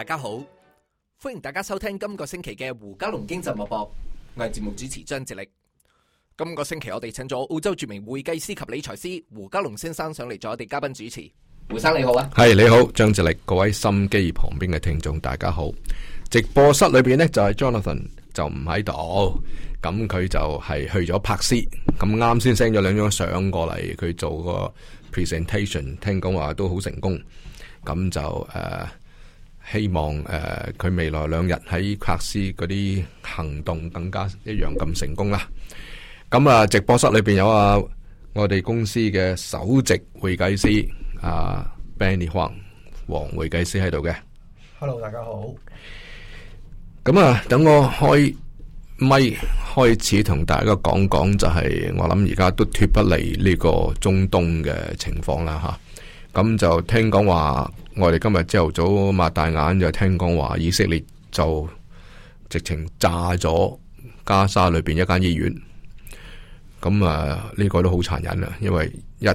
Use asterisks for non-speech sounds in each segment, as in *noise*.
大家好，歡迎大家收聽今個星期嘅胡嘉龍經濟脈搏，我係節目主持張智力。今個星期我哋請咗澳洲著名會計師及理財師胡嘉龍先生上嚟做我哋嘉賓主持。胡生你好啊。係你好，張智力。各位心機旁邊嘅聽眾大家好，直播室裏邊呢，就係 Jonathan 就唔喺度，咁佢就係去咗柏斯，咁啱先 send 咗兩張相過嚟，佢做個 presentation，聽講話都好成功，咁就誒。Uh, 希望誒，佢、呃、未來兩日喺喀斯嗰啲行動更加一樣咁成功啦、啊。咁、嗯、啊，直播室裏邊有啊，我哋公司嘅首席會計師啊，Benny 黃黃會計師喺度嘅。Hello，大家好。咁啊、嗯，等、嗯、我開咪開始同大家講講、就是，就係我諗而家都脫不離呢個中東嘅情況啦，吓。咁就聽講話，我哋今日朝頭早擘大眼就聽講話，以色列就直情炸咗加沙裏邊一間醫院。咁啊，呢、呢個都好殘忍啊！因為一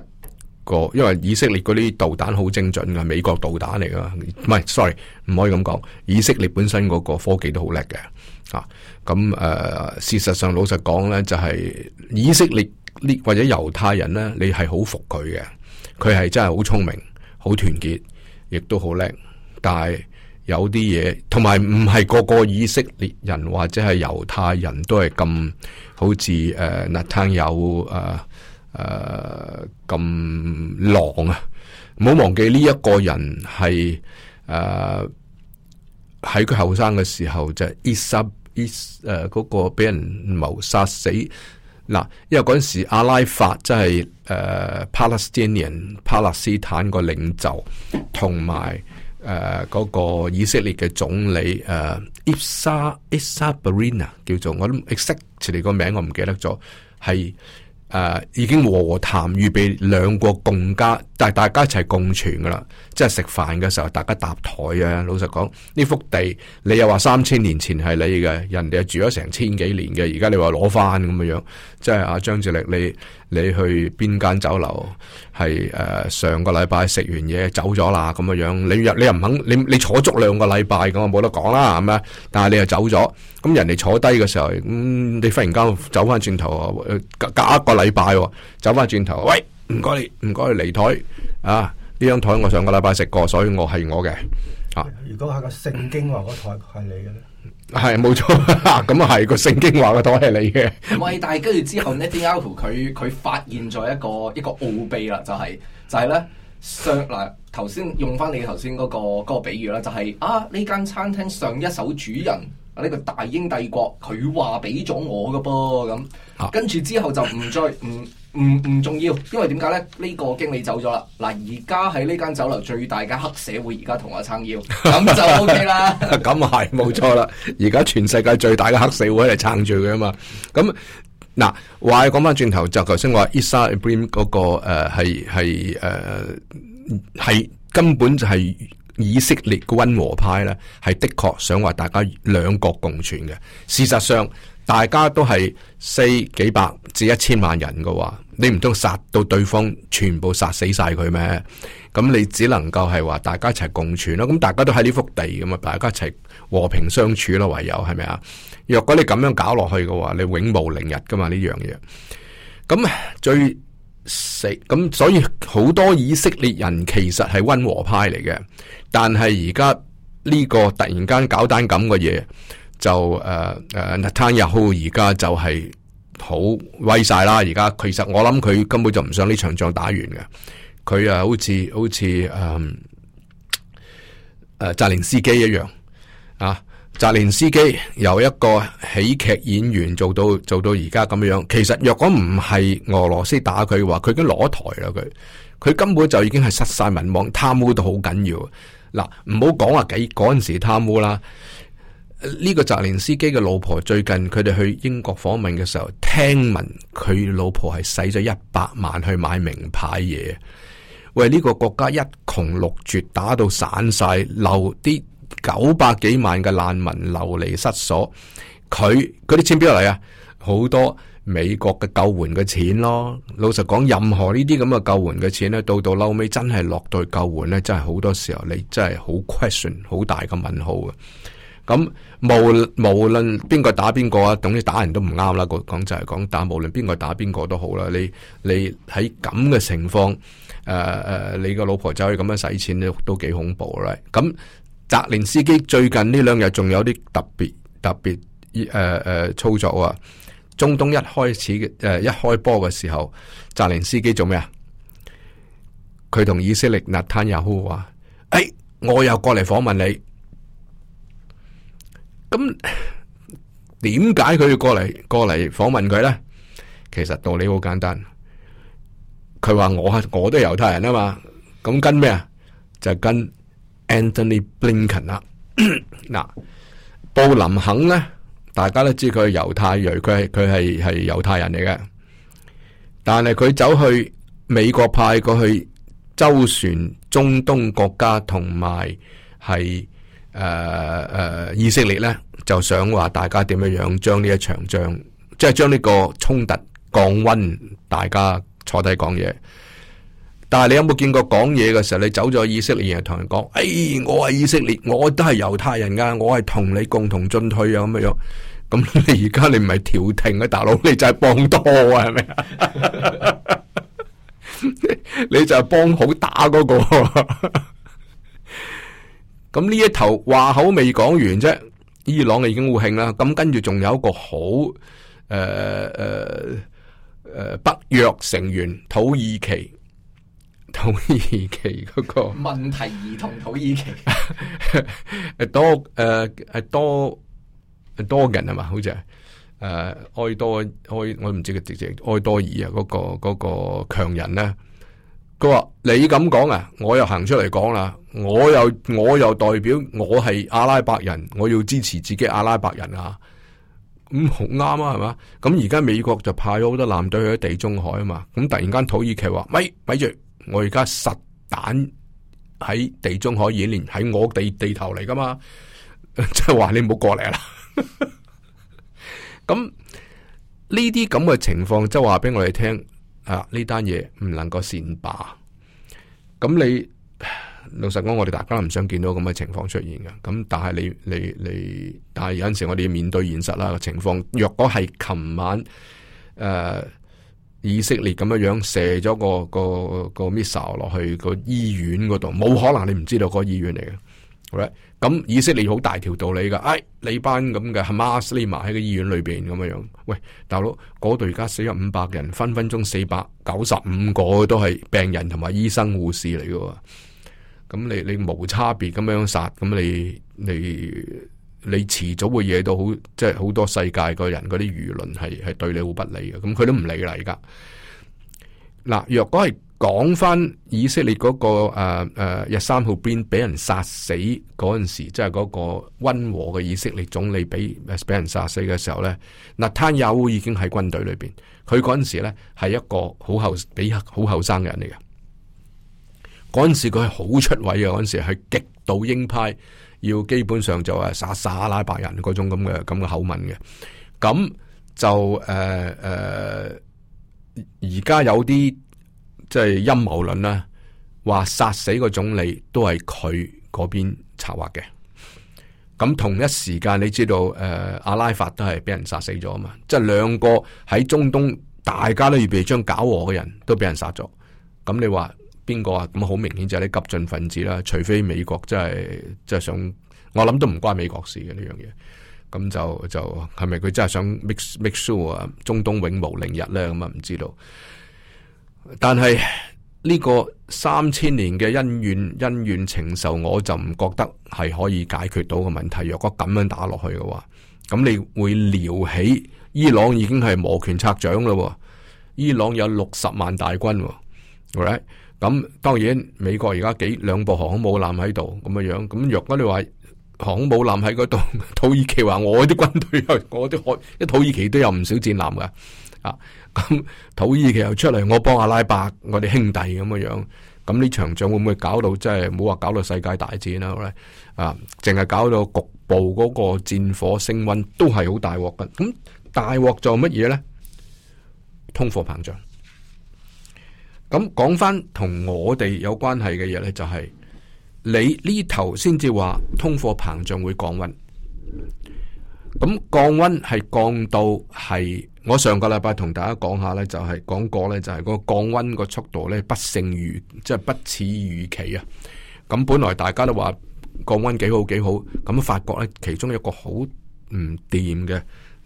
個，因為以色列嗰啲導彈好精準噶，美國導彈嚟噶，唔係，sorry，唔可以咁講。以色列本身嗰個科技都好叻嘅，吓咁誒。事實上，老實講呢，就係、係、以色列，你或者猶太人呢，你係好服佢嘅。佢係真係好聰明、好團結，亦都好叻。但係有啲嘢，同埋唔係個個以色列人或者係猶太人都係咁好似誒納坦有誒誒咁狼啊！唔好忘記呢一個人係誒喺佢後生嘅時候就是 ab, Is, 呃那個、被殺被誒嗰個俾人謀殺死。嗱，因為嗰陣時阿拉法即係誒 Palestinian、巴勒斯坦個領袖，同埋誒嗰個以色列嘅總理誒 Issa Issa Barina 叫做，我唔 except 住你個名我，我唔記得咗，係、呃、誒已經和、和談預備兩國共家，但係大家一齊共存噶啦，即係食飯嘅時候大家搭台啊！老實講，呢幅地你又話三千年前係你嘅，人哋係住咗成千幾年嘅，而家你話攞翻咁嘅樣。即係阿張志力，你你去邊間酒樓係誒、呃、上個禮拜食完嘢走咗啦咁嘅樣，你又你又唔肯，你你坐足兩個禮拜咁，冇得講啦，係咪？但係你又走咗，咁人哋坐低嘅時候，咁、嗯、你忽然間走翻轉頭，隔隔一個禮拜，走翻轉頭，喂，唔該你，唔該你，離台啊！呢張台我上個禮拜食過，所以我係我嘅。啊，如果係個聖經話，嗰、那個、台係你嘅咧？係冇錯，咁啊係個聖經話個袋係你嘅。喂，但係跟住之後咧，點解佢佢發現咗一個一個奧秘啦？就係、是、就係、是、呢。上嗱頭先用翻你頭先嗰個、嗰個比喻啦，就係、是、啊呢間餐廳上一手主人。呢個大英帝國，佢話俾咗我嘅噃。咁，跟住之後就唔再唔唔唔重要，因為點解咧？呢、呢個經理走咗啦，嗱而家喺呢間酒樓最大嘅黑社會而家同我撐腰，咁 *laughs* 就 OK 啦。咁係冇錯啦，而家 *laughs* 全世界最大嘅黑社會嚟撐住佢啊嘛。咁嗱，話又講翻轉頭，就頭先我話、e、Isa Ibrahim 嗰、嗰個誒係係誒係根本就係、係。以色列個溫和派呢，係的確想話大家兩國共存嘅。事實上，大家都係四幾百至一千萬人嘅話，你唔通殺到對方全部殺死晒佢咩？咁你只能夠係話大家一齊共存咯。咁大家都喺呢幅地咁啊，大家一齊和平相處咯，唯有係咪啊？若果你咁樣搞落去嘅話，你永無寧日噶嘛，呢樣嘢。咁最。食咁，所以好多以色列人其實係温和派嚟嘅，但係而家呢個突然間搞單咁嘅嘢，就誒誒，納坦日好而家就係好威晒啦！而家其實我諗佢根本就唔想呢場仗打完嘅，佢啊好似好似誒誒，澤寧斯基一樣啊。澤連斯基由一個喜劇演員做到做到而家咁樣，其實若果唔係俄羅斯打佢嘅話，佢已經攞台啦佢，佢根本就已經係失晒民望，貪污到好緊要。嗱，唔好講話幾嗰陣時貪污啦，呢、呃這個澤連斯基嘅老婆最近佢哋去英國訪問嘅時候，聽聞佢老婆係使咗一百萬去買名牌嘢，喂呢、這個國家一窮六絕，打到散晒，漏啲。九百幾萬嘅難民流離失所，佢嗰啲錢邊度嚟啊？好多美國嘅救援嘅錢咯。老實講，任何呢啲咁嘅救援嘅錢呢，到到後尾真係落到去救援呢，真係好多時候你真係好 question，好大嘅問號啊！咁、嗯、無論無論邊個打邊個啊，總之打人都唔啱啦。講就係講打，無論邊個打邊個都好啦。你你喺咁嘅情況，誒誒，你個、呃呃、老婆就可以咁樣使錢都幾恐怖啦！咁、嗯。澤連斯基最近呢兩日仲有啲特別特別誒誒操作啊！中東一開始誒、呃、一開波嘅時候，澤連斯基做咩啊？佢同以色列納坦雅胡話：誒、欸，我又過嚟訪問你。咁點解佢要過嚟過嚟訪問佢咧？其實道理好簡單，佢話我係我都係猶太人啊嘛，咁跟咩啊？就係跟。Anthony Blinken 啊，嗱， *coughs* 布林肯呢，大家都知佢係猶太裔，佢係佢係係猶太人嚟嘅，但係佢走去美國派過去周旋中東國家同埋係誒誒以色列呢，就想話大家點樣樣將呢一場仗，即係將呢個衝突降溫，大家坐低講嘢。但係你有冇見過講嘢嘅時候，你走咗去以色列同人講，誒、哎，我係以色列，我都係猶太人噶，我係同你共同進退啊，咁樣，咁你而家你唔係調停啊，大佬，你就係幫多啊，係咪啊？ *laughs* 你就係幫好打嗰、嗰個，咁 *laughs* 呢一頭話口未講完啫，伊朗已經互慶啦，咁跟住仲有一個好誒誒誒北約成員土耳其。土耳其嗰、那個問題，同土耳其誒 *laughs* 多誒誒、呃、多多人啊嘛，好似誒、呃、埃多埃，我唔知佢直情埃多爾啊，嗰、那個嗰、那個強人咧，佢話你咁講啊，我又行出嚟講啦，我又我又代表我係阿拉伯人，我要支持自己阿拉伯人啊，咁好啱啊，係嘛，咁而家美國就派咗好多艦隊去咗地中海啊嘛，咁突然間土耳其話，咪咪住。我而家實彈喺地中海演練，喺我地地頭嚟噶嘛？即係話，你唔好過嚟啦。 *laughs* 咁呢啲咁嘅情況，即係話俾我哋聽啊！呢單嘢唔能夠善罷。咁你老實講，我哋大家唔想見到咁嘅情況出現噶。咁但係你你你，但係有陣時我哋要面對現實啦個情況。若果係琴晚誒。呃以色列咁樣樣射咗個個個個 missile 落去個醫院嗰度，冇可能你唔知道個醫院嚟嘅，咁、right? 以色列好大條道理噶，哎，你班咁嘅 Hamaslim 喺個醫院裏邊咁樣樣，喂，大佬嗰度而家死咗五百人，分分鐘四百九十五個都係病人同埋醫生護士嚟嘅，咁你你冇差別咁樣殺，咁你你。你你遲早會惹到好，即係好多世界嗰人嗰啲輿論係係對你好不利嘅，咁佢都唔理啦而家。嗱，若果係講翻以色列嗰、嗰個誒、呃呃、日三號邊俾人殺死嗰陣時，即係嗰個温和嘅以色列總理俾俾人殺死嘅時候咧，納坦雅烏已經喺軍隊裏邊，佢嗰陣時咧係一個好後比好後生嘅人嚟嘅。嗰陣時佢係好出位嘅，嗰陣時係極度鷹派。要基本上就係殺殺阿拉伯人嗰種咁嘅咁嘅口吻嘅，咁就誒誒，而、呃、家、呃、有啲即係陰謀論啦，話殺死個總理都係佢嗰邊策劃嘅。咁同一時間，你知道誒、呃，阿拉法都係俾人殺死咗啊嘛，即係兩個喺中東，大家都預備將搞和嘅人都俾人殺咗，咁你話，邊個啊？咁好明顯就係啲急進分子啦。除非美國真係真係想，我諗都唔關美國事嘅呢樣嘢。咁就就係咪佢真係想 make make sure 啊？中東永無寧日呢？咁啊，唔知道。但係呢個三千年嘅恩怨恩怨情仇，我就唔覺得係可以解決到嘅問題。若果咁樣打落去嘅話，咁你會撩起伊朗已經係摩拳擦掌咯，啊。伊朗有六十萬大軍，啊，嚟，right？咁當然，美國而家幾兩部航空母艦喺度咁嘅樣。咁若果你話航空母艦喺嗰度，土耳其話我啲軍隊又我啲海，土耳其都有唔少戰艦噶。啊，咁土耳其又出嚟，我幫阿拉伯，我哋兄弟咁嘅樣樣。咁呢場仗會唔會搞到即係冇話搞到世界大戰咧？啊，淨係搞到局部嗰個戰火升温，都係好大鑊嘅。咁大鑊做乜嘢呢？通貨膨脹。咁講翻同我哋有關係嘅嘢呢，就係你呢頭先至話通貨膨脹會降温，咁降温係降到係我上個禮拜同大家講下呢，就係講過呢，就係個降温個速度呢，不勝預，即係不似預期啊！咁本來大家都話降温幾好幾好，咁發覺呢其中一個好唔掂嘅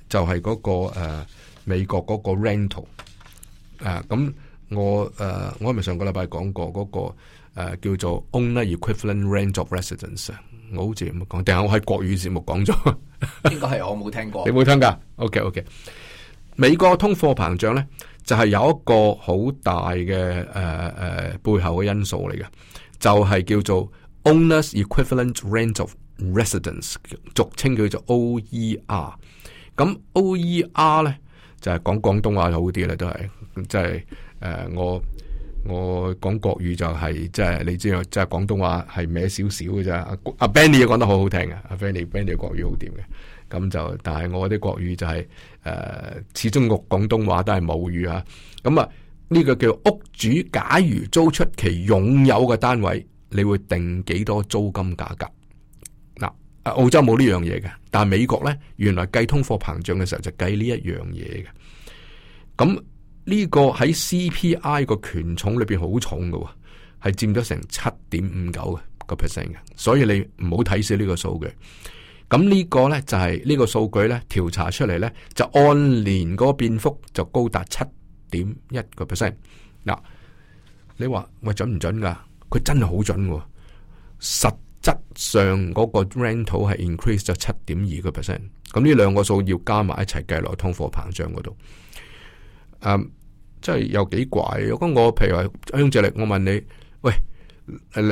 就係嗰個誒、啊、美國嗰個 rental，咁、啊。我誒，我係咪上個禮拜講過嗰、那個、呃、叫做 owner equivalent rent of residence，我好似咁講，定係我喺國語節目講咗？應該係我冇聽過， *laughs* 你冇聽㗎？OK OK，美國通貨膨脹咧，就係、是、有一個好大嘅誒誒背後嘅因素嚟嘅，就係、是、叫做 owner equivalent rent of residence，俗稱叫做 OER。咁 OER 咧就係、是、講廣東話就好啲咧，都係即係。就是誒，我我講國語就係即係，你知道即係廣東話係咩少少嘅啫。阿阿 Benny 又講得好好聽啊，阿 Benny Benny 國語好掂嘅，咁、嗯、就但係我啲國語就係、是、誒、呃，始終個廣東話都係母語啊。咁啊，呢個叫屋主假如租出其擁有嘅單位，你會定幾多租金價格？嗱，澳洲冇呢樣嘢嘅，但係美國咧，原來計通貨膨脹嘅時候就計呢一樣嘢嘅，咁。啊呢個喺 CPI 個權重裏邊好重嘅、啊，係佔咗成七點五九嘅個 percent 嘅，所以你唔好睇死呢個數據嘅。咁呢個呢，就係、是、呢個數據咧調查出嚟呢，就按年個變幅就高達七點一個 percent。嗱，你話喂準唔準噶？佢真係好準嘅、啊，實質上嗰個 rental 係 increase 咗七點二個 percent。咁呢兩個數要加埋一齊計落通貨膨脹嗰度，誒、um,。即係有幾怪，如果我譬如話香姐嚟，我問你，喂，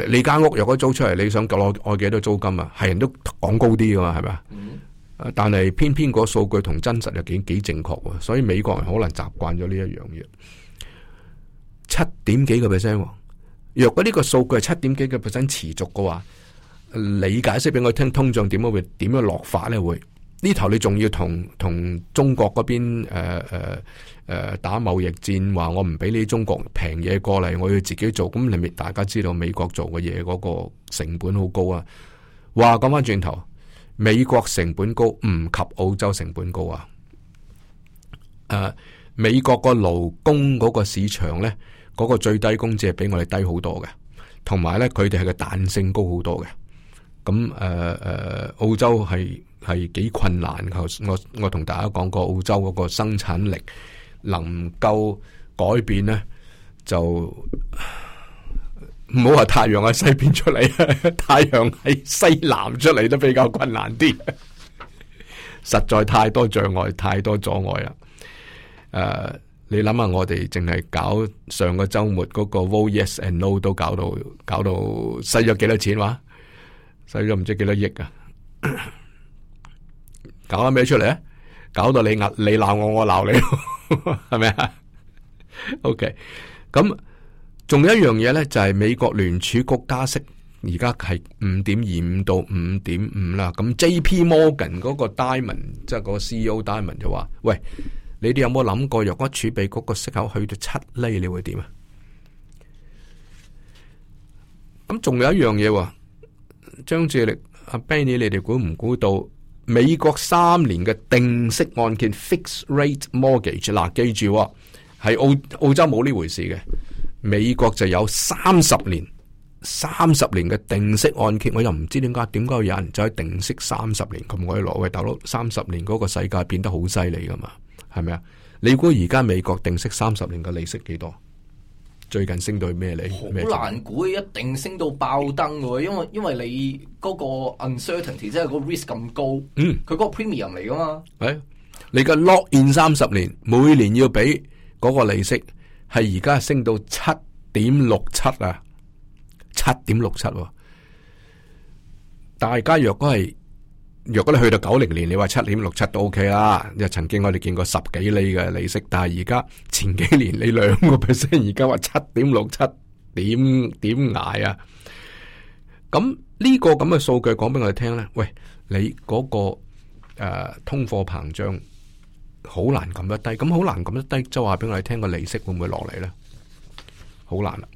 你間屋如果租出嚟，你想攞攞幾多租金啊？係人都講高啲噶嘛，係咪啊？嗯、但係偏偏個數據同真實又幾幾正確喎，所以美國人可能習慣咗呢一樣嘢。七點幾個 percent，若果呢個數據係七點幾個 percent 持續嘅話，你解釋俾我聽，通脹點解會點樣落法咧會？呢頭你仲要同同中國嗰邊誒誒誒打貿易戰，話我唔俾你中國平嘢過嚟，我要自己做。咁，你咪大家知道美國做嘅嘢嗰個成本好高啊。話講返轉頭，美國成本高唔及澳洲成本高啊。誒、啊，美國個勞工嗰個市場咧，嗰、嗰個最低工資係比我哋低好多嘅，同埋咧佢哋係個彈性高好多嘅。咁誒誒，澳洲係。係幾困難，我我同大家講過澳洲嗰個生產力能夠改變呢，就唔好話太陽喺西邊出嚟，太陽喺西南出嚟都比較困難啲。實在太多障礙，太多阻礙啦。誒、呃，你諗下我哋淨係搞上個周末嗰個 Voice Yes and No 都搞到搞到，使咗幾多錢哇？使咗唔知幾多億啊！搞啱咩出嚟咧？搞到你壓你鬧我，我鬧你，係咪啊？OK，咁仲有一樣嘢咧，就係、是、美國聯儲局加息，而家係五點二五到五點五啦。咁 J P Morgan 嗰個 Diamond 即係嗰個 CEO Diamond 就話：喂，你哋有冇諗過若果儲備嗰個息口去到七厘，你會點啊？咁仲有一樣嘢，張志力阿、啊、Benny 你哋估唔估到？美國三年嘅定息按揭 （fixed rate mortgage），嗱、啊，記住係、啊、澳澳洲冇呢回事嘅。美國就有三十年、三十年嘅定息按揭，我又唔知點解，點解有人就喺定息三十年咁我鬼耐？喂，大佬，三十年嗰個世界變得好犀利噶嘛？係咪啊？你估而家美國定息三十年嘅利息幾多？最近升到咩嚟？好難估，一定升到爆燈嘅，因為因為你嗰個 uncertainty 即係個 risk 咁高，嗯，佢嗰個 premium 嚟噶嘛？誒，你個 lock in 三十年，每年要俾嗰個利息，係而家升到七點六七啊，七點六七，大家若果係。若果你去到九零年，你話七點六七都 OK 啦，因為曾經我哋見過十幾厘嘅利息，但係而家前幾年你兩個 percent，而家話七點六七，點點捱啊？咁呢個咁嘅數據講俾我哋聽咧，喂，你嗰、那個誒、呃、通貨膨脹好難咁得低，咁好難咁得低，就話俾我哋聽個利息會唔會落嚟咧？好難啦、啊。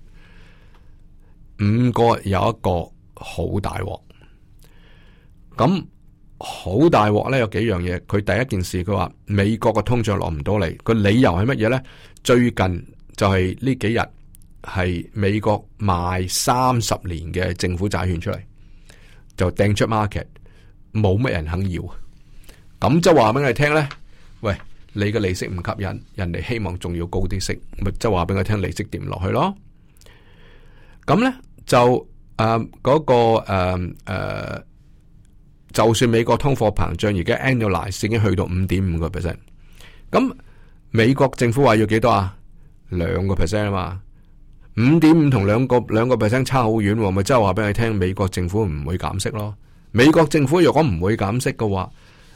五個有一個好大鑊，咁好大鑊咧，有幾樣嘢。佢第一件事，佢話美國嘅通脹落唔到嚟，個理由係乜嘢咧？最近就係呢幾日係美國賣三十年嘅政府債券出嚟，就掟出 market，冇乜人肯要。咁就話俾你聽咧，喂，你嘅利息唔吸引，人哋希望仲要高啲息，咪即係話俾我聽，利息跌唔落去咯。咁咧？就啊嗰、呃那個誒誒、呃呃，就算美國通貨膨脹而家 annualise 已經去到五點五個 percent，咁美國政府話要幾多啊？兩個 percent 啊嘛，五點五同兩個兩個 percent 差好遠、哦，咪即係話俾你聽美國政府唔會減息咯。美國政府若果唔會減息嘅話，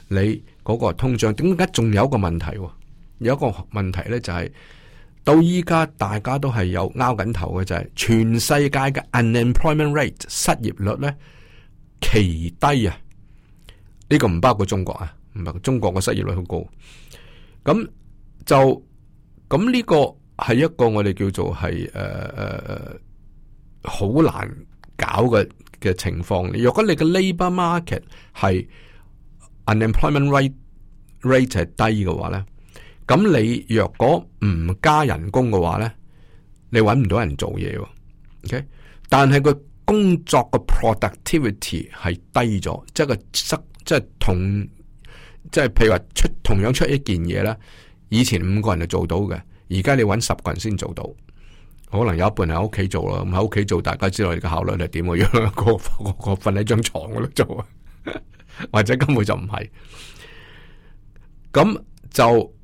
你嗰個通脹點解仲有一個問題？有一個問題咧就係、是。到依家大家都係有拗緊頭嘅就係、是、全世界嘅 unemployment rate 失業率咧奇低啊！呢、呢個唔包括中國啊，唔係中國嘅失業率好高。咁就咁呢個係一個我哋叫做係誒誒誒好難搞嘅嘅情況。如果你嘅 labor market 係 unemployment rate rate 係低嘅話咧。咁你若果唔加人工嘅話咧，你搵唔到人做嘢喎。Okay，但係個工作嘅 productivity 係低咗，即係個即係同，即係譬如話出同樣出一件嘢咧，以前五個人就做到嘅，而家你搵十個人先做到，可能有一半喺屋企做咯，咁喺屋企做，大家知道你嘅效率係點？我樣個個瞓喺張床嗰度做啊， *laughs* 或者根本就唔係，咁就。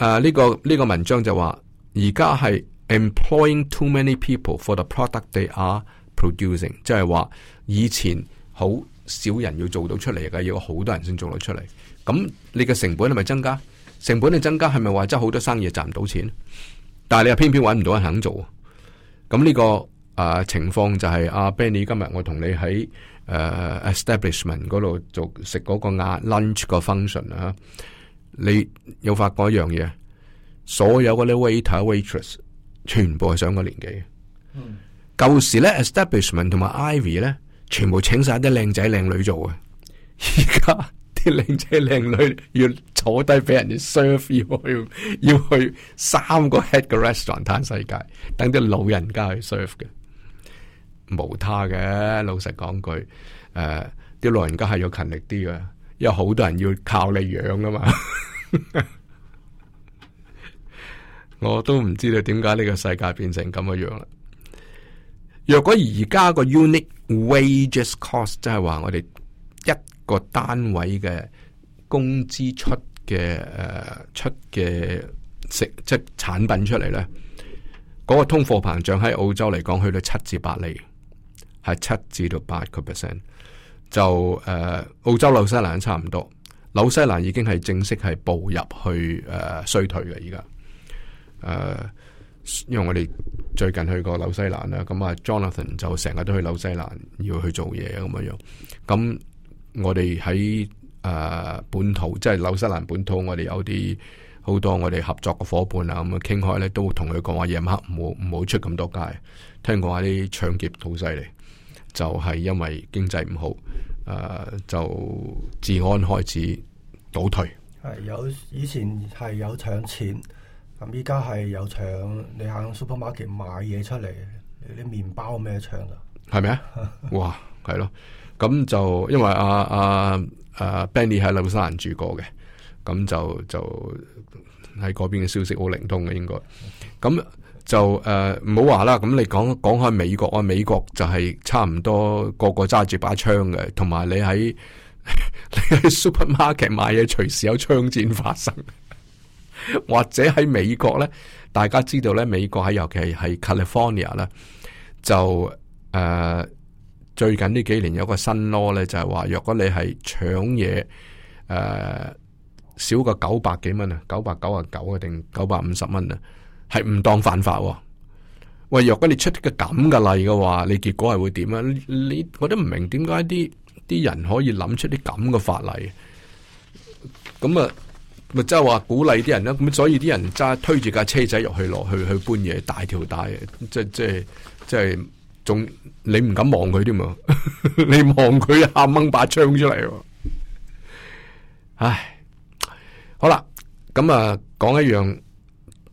啊！呢、uh, 這個呢、這個文章就話，而家係 employing too many people for the product they are producing，即係話以前好少人要做到出嚟嘅，要好多人先做到出嚟。咁、嗯、你嘅成本係咪增加？成本嘅增加，係咪話真好多生意賺唔到錢？但係你又偏偏揾唔到人肯做。咁、嗯、呢、這個、呃情況就是、啊情況就係阿 Benny 今日我同你喺誒、呃、Establishment 嗰度做食嗰個啊 lunch 個 function 啊！你有發覺一樣嘢，所有嗰啲 waiter、waitress 全部係上個年紀。嗯、舊時咧 establishment 同埋 ivy 咧，全部請晒啲靚仔靚女做嘅。而家啲靚仔靚女要坐低俾人哋 serve，要去要去三個 head restaurant 嘆世界，等啲老人家去 serve 嘅，冇他嘅。老實講句，誒、呃，啲老人家係要勤力啲嘅。有好多人要靠你養噶嘛？ *laughs* 我都唔知道點解呢個世界變成咁嘅樣啦。若果而家個 unit wages cost 即係話，我哋一個單位嘅工資出嘅誒出嘅食即產品出嚟咧，嗰個通貨膨脹喺澳洲嚟講去到七至八厘，係七至到八個 percent。就誒、呃、澳洲紐西蘭差唔多，紐西蘭已經係正式係步入去誒、呃、衰退嘅。而家誒，因為我哋最近去過紐西蘭啦，咁、嗯、啊 Jonathan 就成日都去紐西蘭要去做嘢咁樣，咁、嗯嗯、我哋喺誒本土即係紐西蘭本土我，我哋有啲好多我哋合作嘅伙伴啊，咁啊傾開咧都同佢講話夜晚黑唔好唔好出咁多街，聽講啲搶劫好犀利。就係因為經濟唔好，誒、呃、就治安開始倒退。係有以前係有搶錢，咁依家係有搶你行 supermarket 買嘢出嚟，你啲麵包咩搶咗啊？係咪啊？哇，係咯，咁 *laughs* 就因為阿阿、啊、阿、啊、Benny 喺紐西蘭住過嘅，咁就就喺嗰邊嘅消息好靈通嘅應該，咁。就誒，唔好話啦。咁你講講開美國啊，美國就係差唔多個個揸住把槍嘅，同埋你喺 *laughs* 你喺 supermarket 買嘢，隨時有槍戰發生。或者喺美國咧，大家知道咧，美國喺尤其係 California 咧，就誒、呃、最近呢幾年有個新 law 咧，就係話若果你係搶嘢誒，少過九百幾蚊啊，九百九啊九啊定九百五十蚊啊。係唔當犯法喎。喂，若果你出個咁嘅例嘅話，你結果係會點啊？你，你我都唔明點解啲啲人可以諗出啲咁嘅法例？咁啊，咪即係話鼓勵啲人啦。咁所以啲人揸推住架車仔入去落去去搬嘢，大條帶，即即即係仲你唔敢望佢添嘛？ *laughs* 你望佢呀，掹把槍出嚟，啊。唉，好啦，咁啊，講一樣。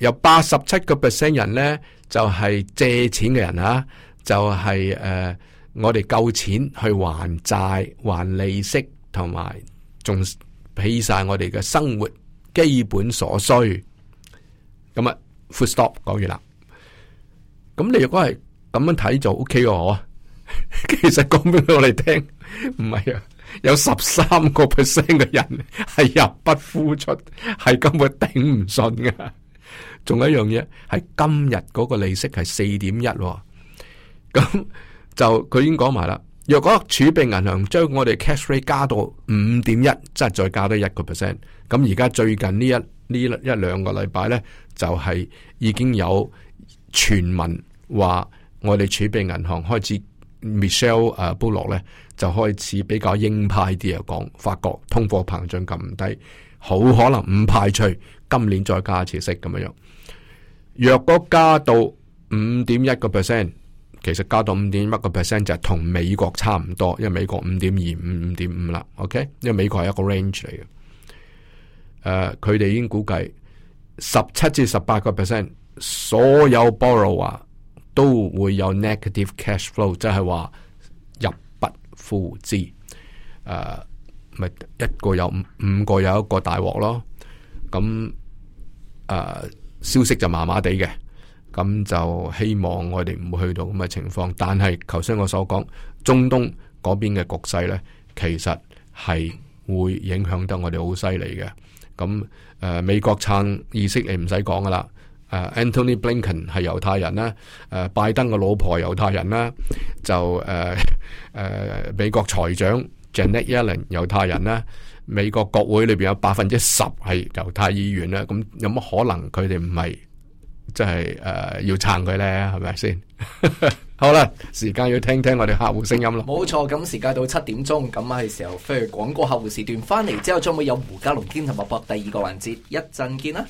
有八十七個 percent 人咧，就係、是、借錢嘅人啊！就係、是、誒、呃，我哋夠錢去還債、還利息，同埋仲俾晒我哋嘅生活基本所需。咁啊，full stop 講完啦。咁你如果係咁樣睇就 OK 喎， *laughs* 其實講俾我哋聽，唔係啊，有十三個 percent 嘅人係入不敷出，係根本頂唔順㗎。仲有一樣嘢，係今日嗰個利息係四點一，咁就佢已經講埋啦。若果儲備銀行將我哋 cash rate 加到五點一，即係再加多一個 percent，咁而家最近呢一呢一兩個禮拜呢，就係、是、已經有傳聞話我哋儲備銀行開始 Michelle 誒、uh, Bullock 呢，就開始比較鷹派啲啊，講發覺通貨膨脹咁低，好可能唔排除今年再加一次息咁樣樣。若果加到五點一個 percent，其實加到五點一個 percent 就係、是、同美國差唔多，因為美國五點二五、五點五啦。OK，因為美國係一個 range 嚟嘅。誒、呃，佢哋已經估計十七至十八個 percent，所有 borrow 啊都會有 negative cash flow，即係話入不敷支。誒、呃，咪一個有五五個有一個大鑊咯，咁誒。呃消息就麻麻地嘅，咁就希望我哋唔會去到咁嘅情況。但係頭先我所講，中東嗰邊嘅局勢呢，其實係會影響到我哋好犀利嘅。咁誒、呃、美國撐意識你唔使講噶啦，Anthony Blinken 係猶太人啦，誒、呃、拜登嘅老婆猶太人啦，就誒誒、呃呃、美國財長 Janet Yellen 猶太人啦。美國國會裏邊有百分之十係猶太議員咧，咁有乜可能佢哋唔係即係誒要撐佢咧？係咪先？ *laughs* 好啦，時間要聽聽我哋客戶聲音咯。冇錯，咁時間到七點鐘，咁係時候飛去廣告客戶時段。翻嚟之後，將會有胡嘉龍兼同埋博第二個環節，一陣見啦。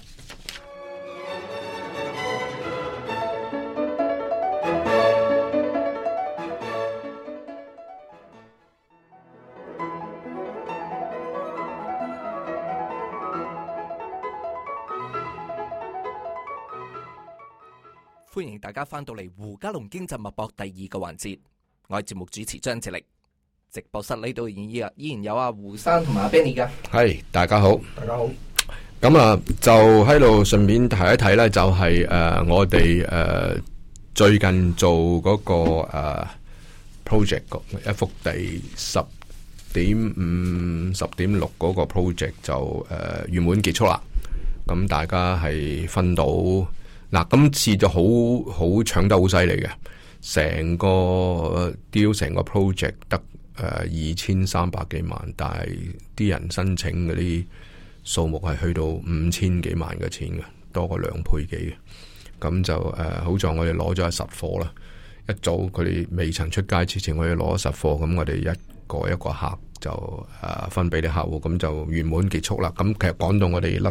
大家翻到嚟胡嘉龍經濟脈搏第二個環節，我係節目主持張志力，直播室呢度演依然依然有阿、啊、胡生同埋阿 Benny 噶，係大家好，大家好，咁啊就喺度順便提一提咧，就係誒、就是呃、我哋誒、呃、最近做嗰、那個誒、呃、project，一幅地，十點五、十點六嗰個 project 就誒圓滿結束啦，咁大家係分到。嗱，今次就好好搶得好犀利嘅，成個 deal 成個 project 得誒二千三百幾萬，但係啲人申請嗰啲數目係去到五千幾萬嘅錢嘅，多過兩倍幾嘅。咁就誒，啊、好在我哋攞咗實貨啦。一早佢哋未曾出街之前，我哋攞實貨，咁我哋一個一個客就誒分俾啲客戶，咁就圓滿結束啦。咁其實講到我哋甩。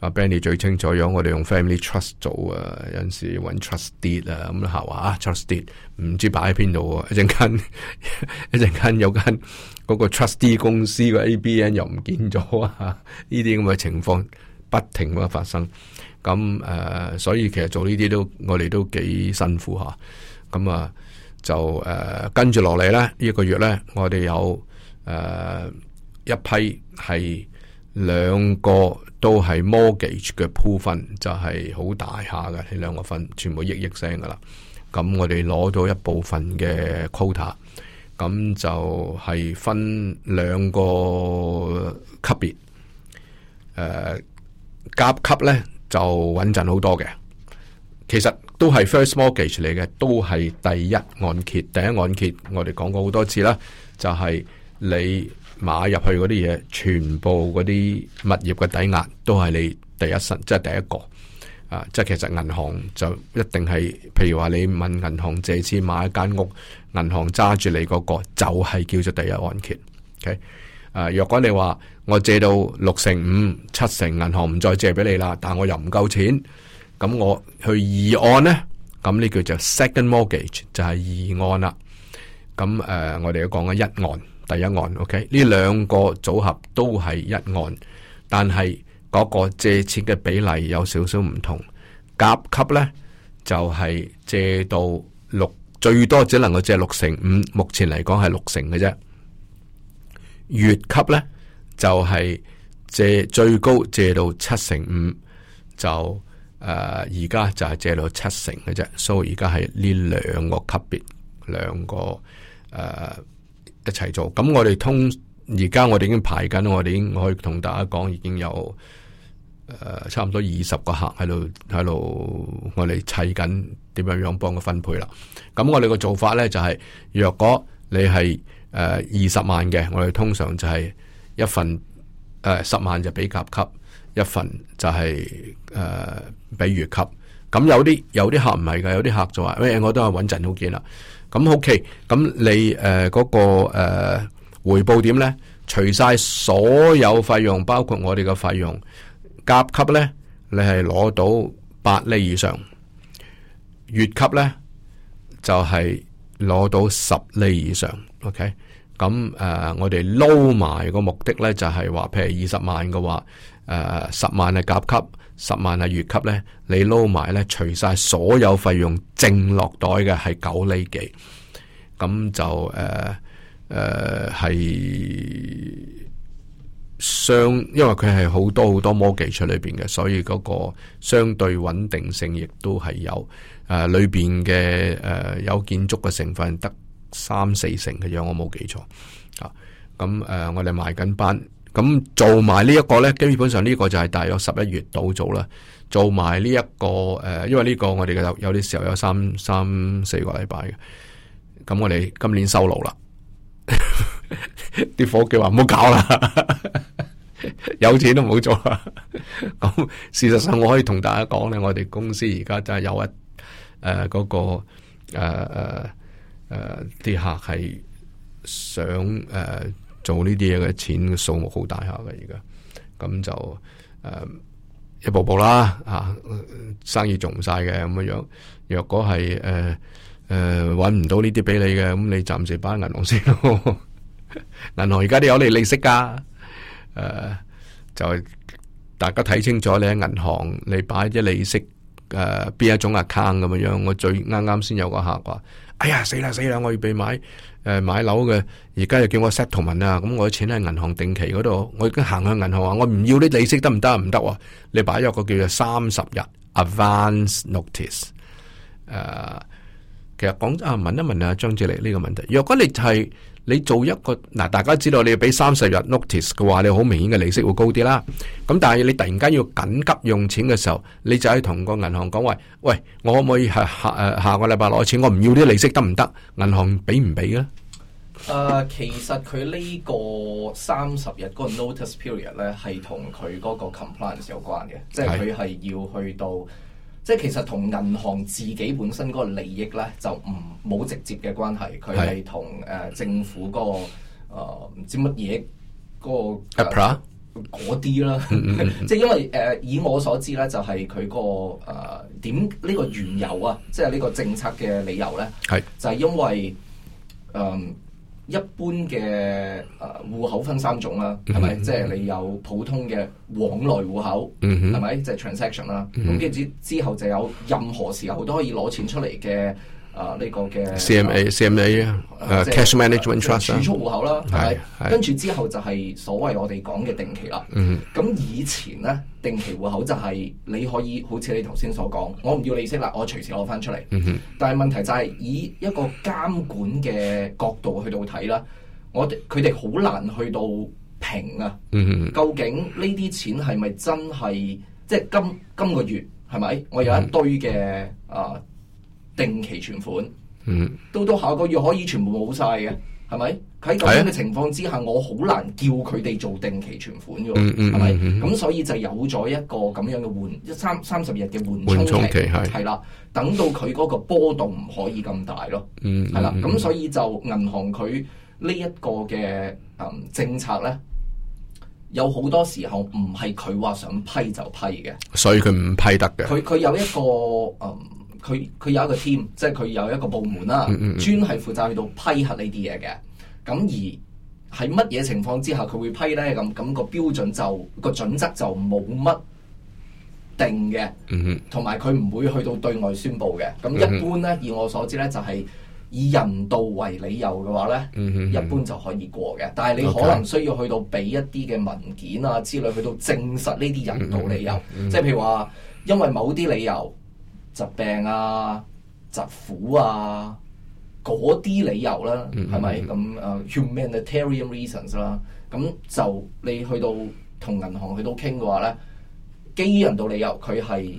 阿 Benny 最清楚，如果我哋用 Family Trust 做啊，有陣時搵 Trustee 啊，咁啦吓話啊，Trustee 唔知擺喺邊度啊，一陣間一陣間有間嗰個 Trustee 公司個 ABN 又唔見咗啊，呢啲咁嘅情況不停咁樣發生，咁誒，所以其實做呢啲都我哋都幾辛苦吓，咁啊就誒跟住落嚟咧，呢一個月咧，我哋有誒一批係兩個。都係 mortgage 嘅鋪分就係、是、好大下嘅，呢兩個分全部億億聲噶啦。咁我哋攞咗一部分嘅 quota，咁就係分兩個級別。誒、呃，甲級咧就穩陣好多嘅，其實都係 first mortgage 嚟嘅，都係第一按揭，第一按揭。我哋講過好多次啦，就係、是、你。買入去嗰啲嘢，全部嗰啲物業嘅抵押都係你第一身，即係第一個啊！即係其實銀行就一定係，譬如話你問銀行借錢買一間屋，銀行揸住你嗰、那個就係、是、叫做第一按揭。誒、okay? 啊，若果你話我借到六成五、七成，銀行唔再借俾你啦，但我又唔夠錢，咁我去二按呢？咁呢個就 second mortgage 就係二按啦。咁誒、啊，我哋講嘅一按。第一案，OK，呢兩個組合都係一案，但係嗰個借錢嘅比例有少少唔同。甲級呢，就係、是、借到六，最多只能夠借六成五。目前嚟講係六成嘅啫。乙級呢，就係、是、借最高借到七成五，就誒，而家就係借到七成嘅啫。所以而家係呢兩個級別，兩個誒。呃一齊做，咁我哋通而家我哋已經排緊，我哋已經可以同大家講，已經有誒、呃、差唔多二十個客喺度喺度，我哋砌緊點樣樣幫佢分配啦。咁我哋嘅做法咧就係、是，若果你係誒二十萬嘅，我哋通常就係一份誒十、呃、萬就俾甲級，一份就係誒俾乙級。咁有啲有啲客唔係噶，有啲客就話：誒、哎，我都係穩陣好啲啦。咁 OK，咁你誒嗰、呃那個、呃、回報點咧？除晒所有費用，包括我哋嘅費用，甲級咧，你係攞到八厘以上；乙級咧，就係、是、攞到十厘以上。OK，咁誒、呃、我哋撈埋個目的咧，就係、是、話譬如二十萬嘅話，誒、呃、十萬係甲級。十萬係月級呢，你撈埋咧，除晒所有費用，淨落袋嘅係九厘幾，咁就誒誒係相，因為佢係好多好多摩記出裏邊嘅，所以嗰個相對穩定性亦都係有。誒、呃、裏邊嘅誒有建築嘅成分得三四成嘅，啊、樣，我冇記錯啊。咁誒，我哋賣緊班。咁做埋呢一個呢，基本上呢個就係大約十一月到做啦。做埋呢一個誒、呃，因為呢個我哋有啲時候有三三四個禮拜嘅。咁我哋今年收路啦，啲 *laughs* 伙計話唔好搞啦， *laughs* 有錢都唔好做啦。咁 *laughs* 事實上我可以同大家講呢，我哋公司而家真係有一誒嗰、呃那個誒誒誒啲客係想誒。呃做呢啲嘢嘅錢數目好大下嘅，而家咁就誒、呃、一步步啦吓、啊，生意做唔晒嘅咁樣。若果係誒誒搵唔到呢啲俾你嘅，咁你暫時擺銀行先咯。銀行而家都有你利息噶，誒、啊、就係大家睇清楚你喺銀行你擺啲利息誒邊、呃、一種 account 咁樣。我最啱啱先有個客話。哎呀死啦死啦！我要俾買誒買樓嘅，而家又叫我 settlement 啊！咁我錢喺銀行定期嗰度，我已經行向銀行話我唔要啲利息得唔得？唔得！你擺咗個叫做三十日 advance notice 誒，其實講啊，問一問啊張志利呢個問題，若果你係。你做一個嗱，大家知道你要俾三十日 notice 嘅話，你好明顯嘅利息會高啲啦。咁但係你突然間要緊急用錢嘅時候，你就係同個銀行講話：喂喂，我可唔可以係下誒下個禮拜攞錢？我唔要啲利息得唔得？銀行俾唔俾咧？誒，其實佢呢個三十日嗰個 notice period 咧，係同佢嗰個 compliance 有關嘅，即係佢係要去到。即係其實同銀行自己本身嗰個利益咧，就唔冇直接嘅關係。佢係同誒政府嗰、嗰個唔、呃、知乜嘢、嗰個嗰啲、呃、approval 啦。Mm hmm. *laughs* 即係因為誒、呃、以我所知咧，就係佢個誒點呢、呢個原由啊，即係呢個政策嘅理由咧，係的就係因為誒。呃一般嘅誒戶口分三種啦，係咪？Mm hmm. 即係你有普通嘅往來戶口，係咪、mm？即係 transaction 啦。咁跟住之後就有任何時候都可以攞錢出嚟嘅。啊！呢個嘅 CMA CMA Cash Management Trust 儲蓄戶口啦，係咪？跟住之後就係所謂我哋講嘅定期啦。咁以前呢，定期戶口就係你可以好似你頭先所講，我唔要利息啦，我隨時攞翻出嚟。但係問題就係以一個監管嘅角度去到睇啦，我哋佢哋好難去到平啊。究竟呢啲錢係咪真係即係今今個月係咪？我有一堆嘅啊。定期存款，嗯，到到下個月可以全部冇晒嘅，係咪？喺咁樣嘅情況之下，啊、我好難叫佢哋做定期存款嘅，係咪？咁所以就有咗一個咁樣嘅緩，三三十日嘅緩衝期係啦，等到佢嗰個波動唔可以咁大咯，嗯，係啦，咁所以就銀行佢呢一個嘅嗯政策咧，有好多時候唔係佢話想批就批嘅，所以佢唔批得嘅，佢佢 *laughs* 有一個嗯。佢佢有一個 team，即係佢有一個部門啦，嗯嗯嗯專係負責去到批核呢啲嘢嘅。咁而喺乜嘢情況之下佢會批呢？咁咁、個標準就、個準則就冇乜定嘅。同埋佢唔會去到對外宣佈嘅。咁一般呢，嗯、哼以我所知呢，就係、是、以人道為理由嘅話呢，嗯、哼一般就可以過嘅。但係你可能需要去到俾一啲嘅文件啊之類去到證實呢啲人道理由，即係譬如話因為某啲理由。疾病啊、疾苦啊，嗰啲理由啦，係咪咁？Humanitarian reasons 啦，咁就你去到同銀行去到傾嘅話咧，基於人道理由，佢係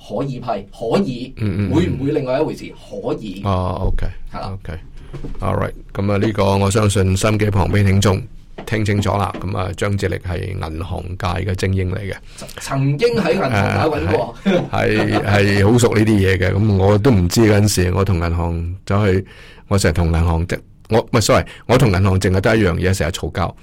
可以批，可以，mm hmm. 會唔會另外一回事？可以。哦，OK，好，OK，All right，咁啊，呢個我相信心機旁邊聽眾。聽清楚啦，咁啊，張智力係銀行界嘅精英嚟嘅，曾經喺銀行度揾過，係係好熟呢啲嘢嘅，咁我都唔知嗰陣時，我同銀行走去，我成日同銀行即我唔係，sorry，我同銀行淨係得一樣嘢，成日嘈交。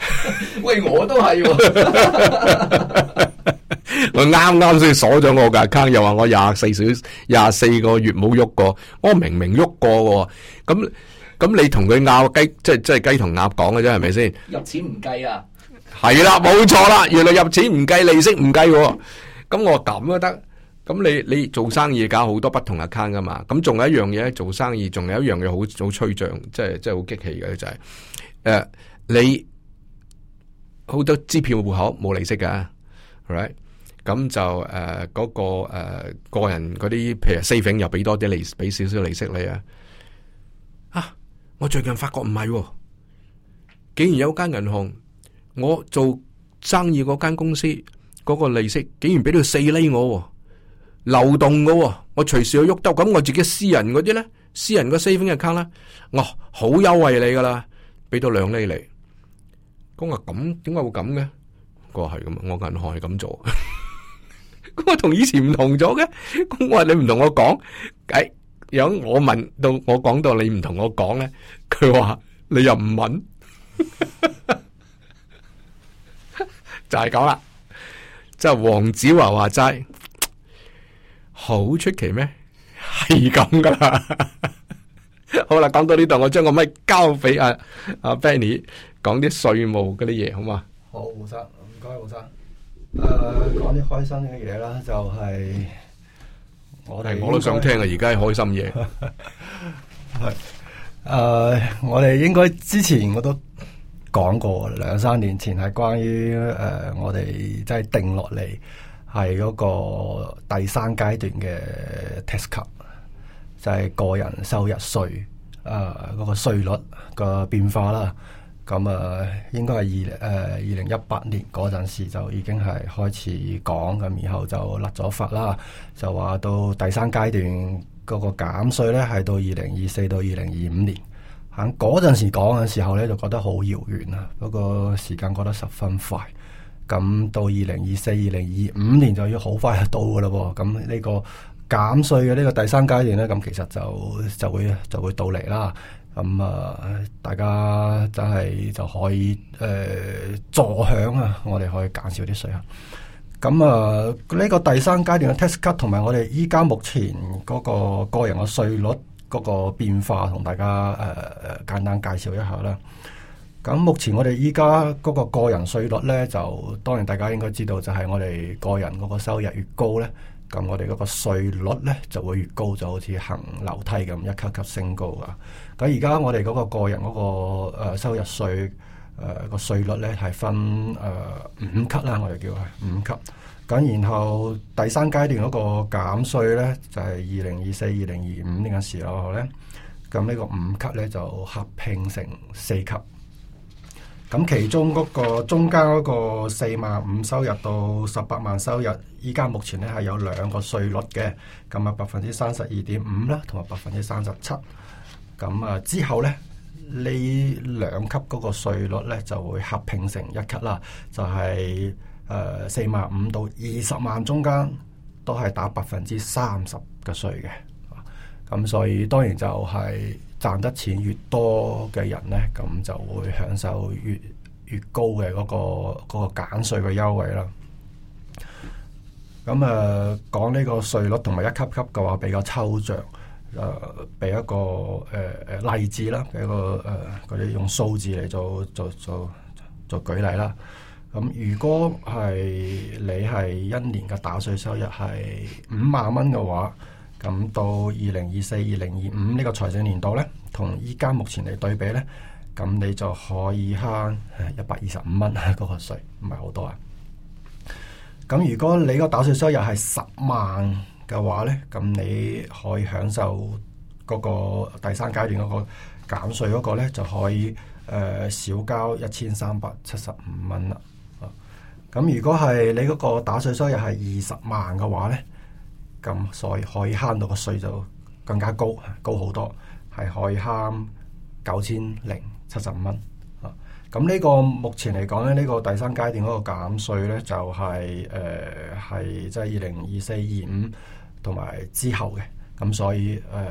*laughs* 喂，我都係，啊， *laughs* *laughs* 我啱啱先鎖咗我個 account，又話我廿四小廿四個月冇喐過，我明明喐過嘅，咁。咁你同佢拗雞，即係即係雞同鴨講嘅啫，係咪先？入錢唔計啊，係啦， *laughs* 冇錯啦，原來入錢唔計利息唔計、啊，咁我咁都得。咁你你做生意搞好多不同嘅 account 噶嘛，咁仲有一樣嘢，做生意仲有一樣嘢好好吹漲，即係即係好激氣嘅就係、是，誒、呃，你好多支票戶口冇利息噶 right 咁就誒嗰、呃那個誒、呃、個人嗰啲，譬如 saving 又俾多啲利，俾少少利息,少利息你啊。我最近發覺唔係，竟然有間銀行，我做生意嗰間公司嗰個利息竟然俾到四厘我，流動嘅，我隨時去喐得，咁我自己私人嗰啲咧，私人個 saving 嘅卡啦，我好優惠你噶啦，俾到兩厘你，咁啊咁，點解會咁嘅？我話係咁啊，我銀行係咁做，咁我同以前唔同咗嘅，咁我話你唔同我講，誒。樣我問到我講到你唔同我講咧，佢話你又唔問， *laughs* 就係咁、就是 *laughs* 啊啊呃、啦。即係黃子華話齋，好出奇咩？係咁噶啦。好啦，講到呢度，我將個咪交俾阿阿 Benny 講啲稅務嗰啲嘢，好嘛？好，胡生，唔該，胡生。誒，講啲開心嘅嘢啦，就係。我，我都想聽啊！而家係開心嘢， *laughs* 係、呃、誒，我哋應該之前我都講過兩三年前係關於誒、呃，我哋即係定落嚟係嗰個第三階段嘅 tax cut，就係個人收入稅誒嗰個稅率嘅變化啦。咁啊，應該係二，誒、二零一八年嗰陣時就已經係開始講，咁然後就立咗法啦，就話到第三階段嗰個減稅呢係到二零二四到二零二五年。嗰陣時講嘅時候呢，就覺得好遙遠啦。不過時間過得十分快，咁到二零二四、二零二五年就要好快就到噶啦。咁呢個減稅嘅呢個第三階段呢，咁其實就就會就會到嚟啦。咁啊、嗯，大家真係就可以誒、呃、坐享啊！我哋可以減少啲稅啊。咁、嗯、啊，呢、這個第三階段嘅 tax cut 同埋我哋依家目前嗰個個人嘅稅率嗰個變化，同大家誒、呃、簡單介紹一下啦。咁、嗯、目前我哋依家嗰個個人稅率呢，就當然大家應該知道，就係我哋個人嗰個收入越高呢，咁、嗯、我哋嗰個稅率呢就會越高，就好似行樓梯咁，一級級升高啊。咁而家我哋嗰個個人嗰個誒收入稅誒個稅率咧係分誒五呃級啦，我哋叫啊五級。咁然後第三階段嗰個減稅咧就係二零二四、二零二五年嘅時候咧，咁呢個五級咧就合併成四級。咁其中嗰個中間嗰個四萬五收入到十八萬收入，依家目前咧係有兩個稅率嘅，咁啊百分之三十二點五啦，同埋百分之三十七。咁啊、嗯，之後呢，呢兩級嗰個稅率呢，就會合併成一級啦，就係誒四萬五到二十萬中間都係打百分之三十嘅稅嘅。咁、啊嗯、所以當然就係賺得錢越多嘅人呢，咁、嗯、就會享受越越高嘅嗰、那個嗰、那個減稅嘅優惠啦。咁、嗯、啊、嗯，講呢個稅率同埋一級級嘅話比較抽象。誒，俾、呃、一個誒誒例子啦，一個誒，佢用數字嚟做做做做舉例啦。咁、嗯、如果係你係一年嘅打稅收入係五萬蚊嘅話，咁到二零二四、二零二五呢個財政年度咧，同依家目前嚟對比咧，咁你就可以慳一百二十五蚊啊、嗰個稅，唔係好多啊。咁、嗯、如果你個打稅收入係十萬，嘅話咧，咁你可以享受嗰個第三階段嗰個減稅嗰個咧，就可以誒少、呃、交一千三百七十五蚊啦。啊，咁如果係你嗰個打稅收入係二十萬嘅話咧，咁所以可以慳到個稅就更加高，高好多，係可以慳九千零七十五蚊。啊，咁呢個目前嚟講咧，呢、這個第三階段嗰個減稅咧，就係誒係即係二零二四二五。呃是同埋之後嘅，咁所以誒、呃，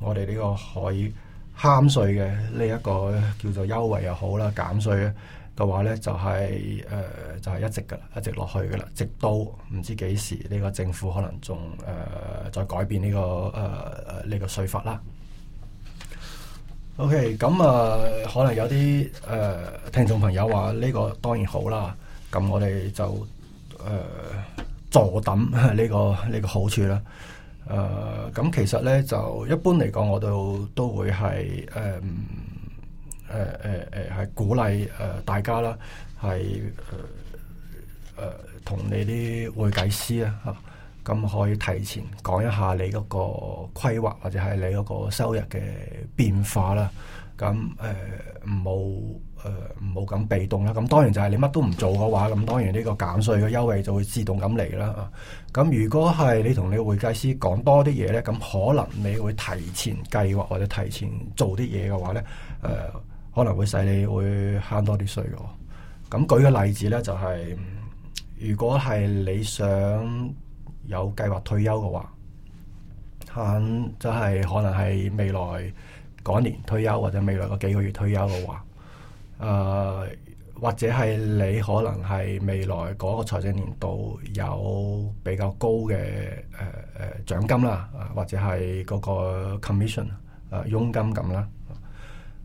我哋呢個可以慳稅嘅呢一個叫做優惠又好啦減稅嘅話呢就係、是、誒、呃、就係、是、一直噶啦，一直落去噶啦，直到唔知幾時呢個政府可能仲誒、呃、再改變呢、這個誒呢、呃這個稅法啦。OK，咁啊、呃，可能有啲誒、呃、聽眾朋友話呢個當然好啦，咁我哋就誒。呃坐等呢、這個呢、這個好處啦，誒、呃，咁其實呢，就一般嚟講，我都都會係誒誒誒誒，係、呃呃呃呃、鼓勵誒大家啦，係誒同你啲會計師啦吓，咁、啊、可以提前講一下你嗰個規劃或者係你嗰個收入嘅變化啦，咁誒冇。呃誒，唔好咁、呃、被動啦。咁當然就係你乜都唔做嘅話，咁當然呢個減稅嘅優惠就會自動咁嚟啦。咁、啊、如果係你同你會計師講多啲嘢呢，咁、啊、可能你會提前計劃或者提前做啲嘢嘅話呢，誒、啊，可能會使你會慳多啲稅嘅。咁、啊、舉個例子呢，就係、是，如果係你想有計劃退休嘅話，吓，即係可能係未來嗰年退休或者未來嗰幾個月退休嘅話。誒、uh, 或者係你可能係未來嗰個財政年度有比較高嘅誒誒獎金啦，或者係嗰個 commission、呃、佣金咁啦，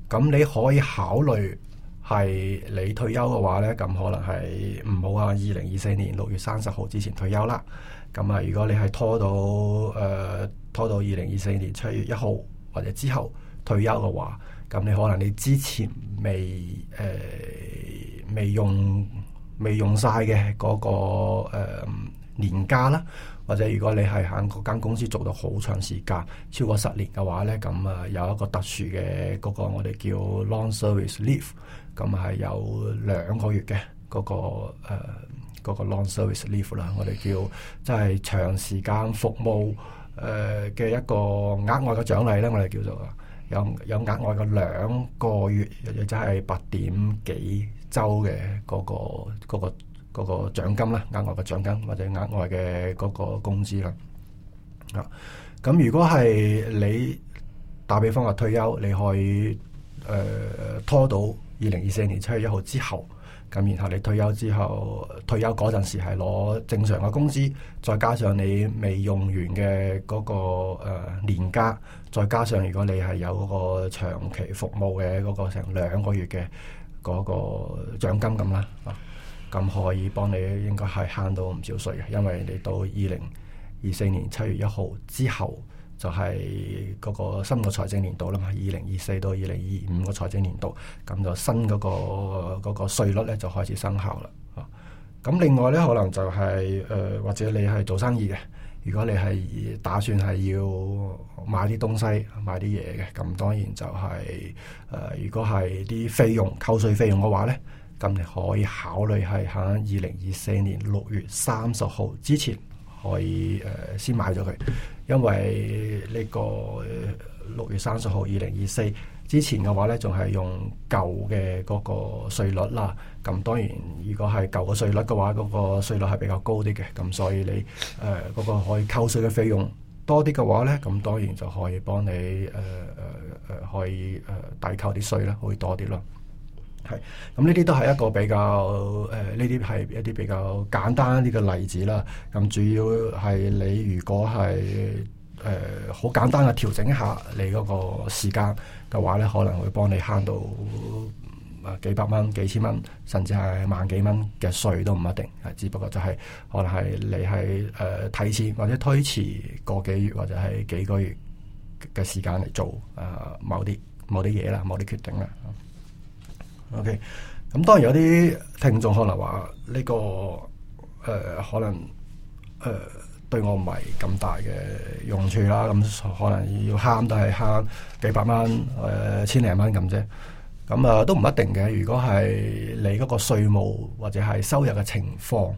咁你可以考慮係你退休嘅話呢，咁可能係唔好話二零二四年六月三十號之前退休啦。咁啊，如果你係拖到誒、呃、拖到二零二四年七月一號或者之後退休嘅話，咁你可能你之前未誒未用未用曬嘅嗰個誒年假啦，或者如果你係喺嗰間公司做到好長時間超過十年嘅話咧，咁啊有一個特殊嘅嗰個我哋叫 long service leave，咁係有兩個月嘅嗰個誒嗰個 long service leave 啦，我哋叫即係長時間服務誒嘅一個額外嘅獎勵咧，我哋叫做啊。有有額外嘅兩個月，或者係八點幾週嘅嗰個嗰個嗰個獎金啦，額外嘅獎金或者額外嘅嗰個工資啦。啊，咁如果係你打比方話退休，你可以誒、呃、拖到二零二四年七月一號之後。然後你退休之後，退休嗰陣時係攞正常嘅工資，再加上你未用完嘅嗰個誒年假，再加上如果你係有嗰個長期服務嘅嗰個成兩個月嘅嗰個獎金咁啦，咁可以幫你應該係慳到唔少稅嘅，因為你到二零二四年七月一號之後。就係嗰個新嘅財政年度啦嘛，二零二四到二零二五個財政年度，咁就新嗰個嗰個稅率咧就開始生效啦。咁另外咧，可能就係誒或者你係做生意嘅，如果你係打算係要買啲東西、買啲嘢嘅，咁當然就係誒如果係啲費用扣稅費用嘅話咧，咁你可以考慮係喺二零二四年六月三十號之前。可以誒、呃，先買咗佢，因為呢、這個六、呃、月三十號二零二四之前嘅話呢，仲係用舊嘅嗰個稅率啦。咁當然，如果係舊嘅稅率嘅話，嗰、那個稅率係比較高啲嘅。咁所以你誒嗰、呃那個可以扣稅嘅費用多啲嘅話呢，咁當然就可以幫你誒誒、呃呃、可以抵扣啲稅啦，可以多啲咯。係，咁呢啲都係一個比較誒，呢啲係一啲比較簡單啲嘅例子啦。咁、嗯、主要係你如果係誒好簡單嘅調整一下你嗰個時間嘅話咧，可能會幫你慳到啊、呃、幾百蚊、幾千蚊，甚至係萬幾蚊嘅稅都唔一定。係，只不過就係可能係你係誒、呃、提前或者推遲個幾月或者係幾個月嘅時間嚟做誒、呃、某啲某啲嘢啦，某啲決定啦。OK，咁、嗯、當然有啲聽眾可能話呢、呢個誒、呃，可能誒、呃、對我唔係咁大嘅用處啦。咁、嗯、可能要慳都係慳幾百蚊誒、呃，千零蚊咁啫。咁、嗯、啊、嗯、都唔一定嘅。如果係你嗰個稅務或者係收入嘅情況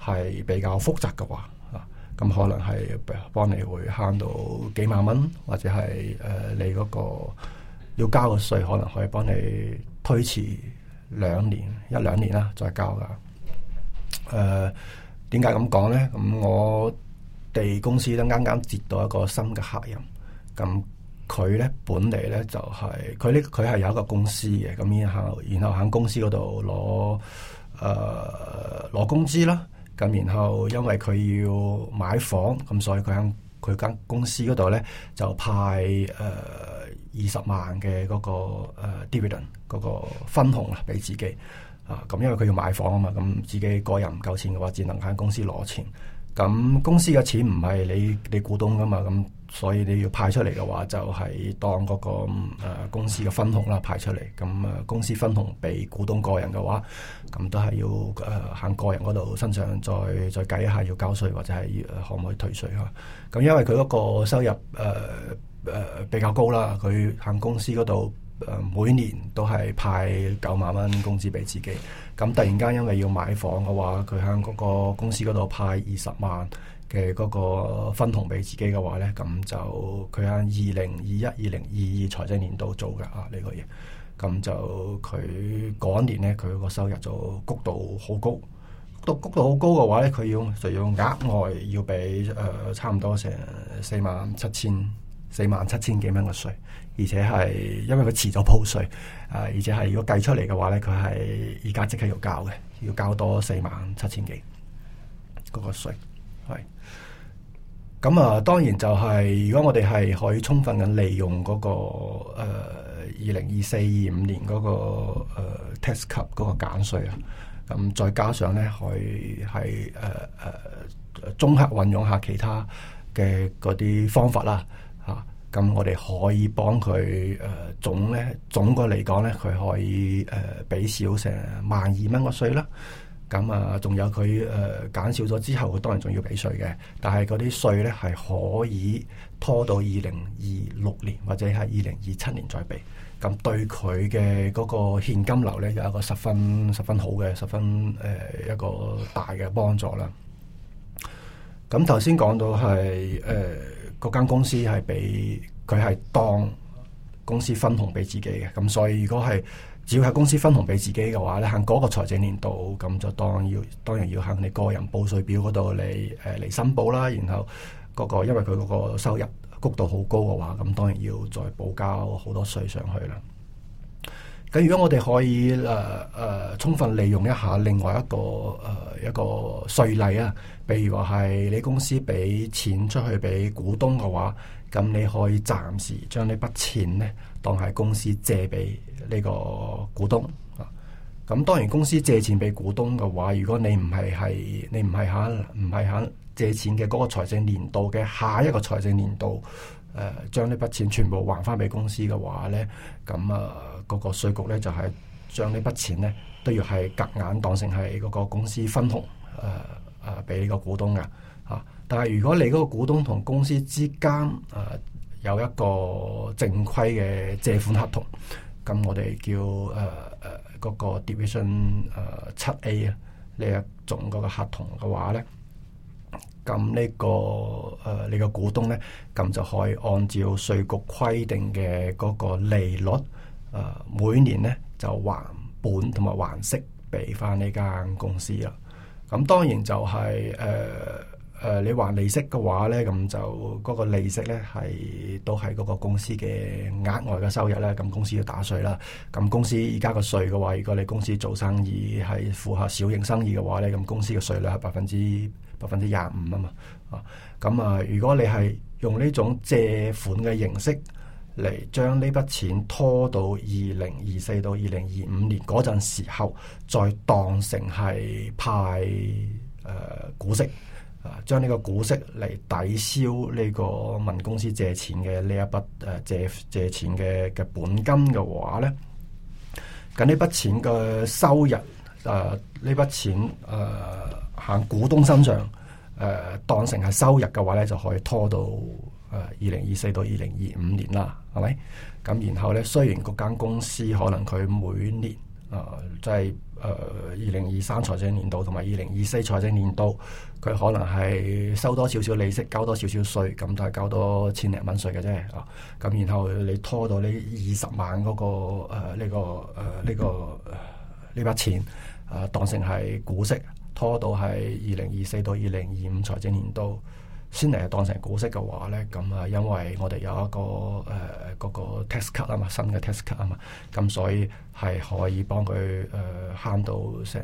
係比較複雜嘅話啊，咁、嗯、可能係幫你會慳到幾萬蚊，或者係誒、呃、你嗰個要交嘅稅，可能可以幫你。推遲兩年一兩年啦，再交㗎。誒，點解咁講咧？咁我哋公司都啱啱接到一個新嘅客人，咁佢咧本嚟咧就係佢呢，佢係有一個公司嘅，咁然後然後喺公司嗰度攞誒攞工資啦。咁然後因為佢要買房，咁所以佢喺佢間公司嗰度咧就派誒，Uh, 二十萬嘅嗰個 dividend 嗰個分紅啦，俾自己啊，咁因為佢要買房啊嘛，咁、啊、自己個人唔夠錢嘅話，只能喺公司攞錢。咁、啊、公司嘅錢唔係你你股東噶嘛，咁、啊、所以你要派出嚟嘅話，就係、是、當嗰、那個、啊、公司嘅分紅啦，派出嚟。咁啊，公司分紅俾股東個人嘅話，咁、啊、都係要誒喺、啊、個人嗰度身上再再計一下要交稅或者係可唔可以退稅啊？咁、啊、因為佢嗰個收入誒。啊誒、呃、比較高啦，佢喺公司嗰度誒每年都係派九萬蚊工資俾自己。咁突然間因為要買房嘅話，佢喺嗰個公司嗰度派二十萬嘅嗰個分紅俾自己嘅話呢，咁就佢喺二零二一、二零二二財政年度做嘅啊呢、呢個嘢。咁就佢嗰一年呢，佢個收入就谷到好高，到谷到好高嘅話呢，佢要就要額外要俾誒、呃、差唔多成四萬七千。四萬七千幾蚊嘅稅，而且係因為佢遲咗報稅，誒、啊，而且係如果計出嚟嘅話咧，佢係而家即刻要交嘅，要交多四萬七千幾嗰個稅。係咁啊，當然就係、是、如果我哋係可以充分咁利用嗰、那個誒二零二四二五年嗰個誒 tax 級嗰個減稅啊，咁、那個啊嗯啊、再加上咧，可以係誒誒綜合運用下其他嘅嗰啲方法啦。咁我哋可以幫佢，誒、呃，總咧，總個嚟講咧，佢可以誒，俾、呃、少成萬二蚊個稅啦。咁啊，仲有佢誒，減、呃、少咗之後，當然仲要俾稅嘅。但係嗰啲稅咧，係可以拖到二零二六年或者係二零二七年再俾。咁對佢嘅嗰個現金流咧，有一個十分十分好嘅、十分誒、呃、一個大嘅幫助啦。咁頭先講到係誒。呃嗰間公司係俾佢係當公司分紅俾自己嘅，咁所以如果係只要係公司分紅俾自己嘅話咧，喺嗰個財政年度咁就當要，當然要向你個人報稅表嗰度嚟誒嚟申報啦。然後嗰、嗰個因為佢嗰個收入谷度好高嘅話，咁當然要再補交好多稅上去啦。咁如果我哋可以誒誒、呃呃、充分利用一下另外一個誒、呃、一個稅例啊～譬如話係你公司俾錢出去俾股東嘅話，咁你可以暫時將呢筆錢咧當係公司借俾呢個股東啊。咁當然公司借錢俾股東嘅話，如果你唔係係你唔係吓唔係吓借錢嘅嗰個財政年度嘅下一個財政年度，誒將呢筆錢全部還翻俾公司嘅話呢，咁啊嗰、嗰個稅局呢，就係將呢筆錢呢，都要係夾硬當成係嗰個公司分紅誒。啊啊，俾呢個股東嘅啊，但係如果你嗰個股東同公司之間啊有一個正規嘅借款合同，咁、嗯、我哋叫誒誒嗰個 Division 誒、啊、七 A 啊呢一種嗰個合同嘅話咧，咁、啊、呢、這個誒你個股東咧，咁、啊、就可以按照稅局規定嘅嗰個利率，誒、啊、每年咧就還本同埋還息俾翻呢間公司啦。咁當然就係誒誒，你還利息嘅話咧，咁就嗰個利息咧係都係嗰個公司嘅額外嘅收入咧，咁公司要打稅啦。咁公司而家個稅嘅話，如果你公司做生意係符合小型生意嘅話咧，咁公司嘅稅率係百分之百分之廿五啊嘛。啊，咁啊，如果你係用呢種借款嘅形式。嚟將呢筆錢拖到二零二四到二零二五年嗰陣時候，再當成係派誒、呃、股息，啊，將呢個股息嚟抵消呢個問公司借錢嘅呢一筆誒借借錢嘅嘅本金嘅話咧，咁呢筆錢嘅收入誒，呢、呃、筆錢誒喺、呃、股東身上誒、呃、當成係收入嘅話咧，就可以拖到。誒二零二四到二零二五年啦，係咪？咁然後呢，雖然嗰間公司可能佢每年誒即係二零二三財政年度同埋二零二四財政年度，佢可能係收多少少利息，交多少少稅，咁都係交多千零蚊稅嘅啫。哦、啊，咁然後你拖到呢二十萬嗰、嗰個呢、啊呢個誒呢、啊呢個呢筆錢誒，當成係股息，拖到係二零二四到二零二五財政年度。先嚟當成股息嘅話咧，咁啊，因為我哋有一個誒嗰、呃、個 tax cut 啊嘛，新嘅 tax cut 啊嘛，咁所以係可以幫佢誒慳到成